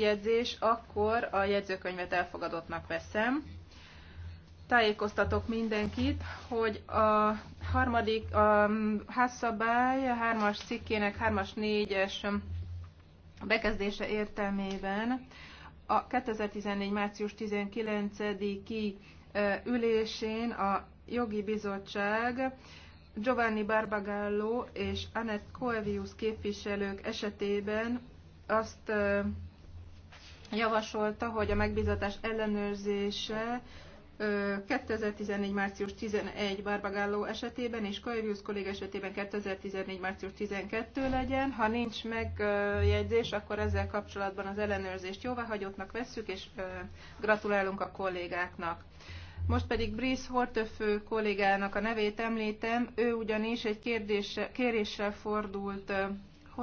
jegyzés, akkor a jegyzőkönyvet elfogadottnak veszem. Tájékoztatok mindenkit, hogy a harmadik a házszabály, a hármas cikkének, hármas négyes bekezdése értelmében a 2014. március 19-i ülésén a jogi bizottság Giovanni Barbagallo és Annette Coevius képviselők esetében azt javasolta, hogy a megbízatás ellenőrzése 2014. március 11 Barbagalló esetében és Kairius kollég esetében 2014. március 12 legyen. Ha nincs megjegyzés, akkor ezzel kapcsolatban az ellenőrzést jóváhagyottnak vesszük, és gratulálunk a kollégáknak. Most pedig Brice Hortefő kollégának a nevét említem, ő ugyanis egy kérdése, kéréssel fordult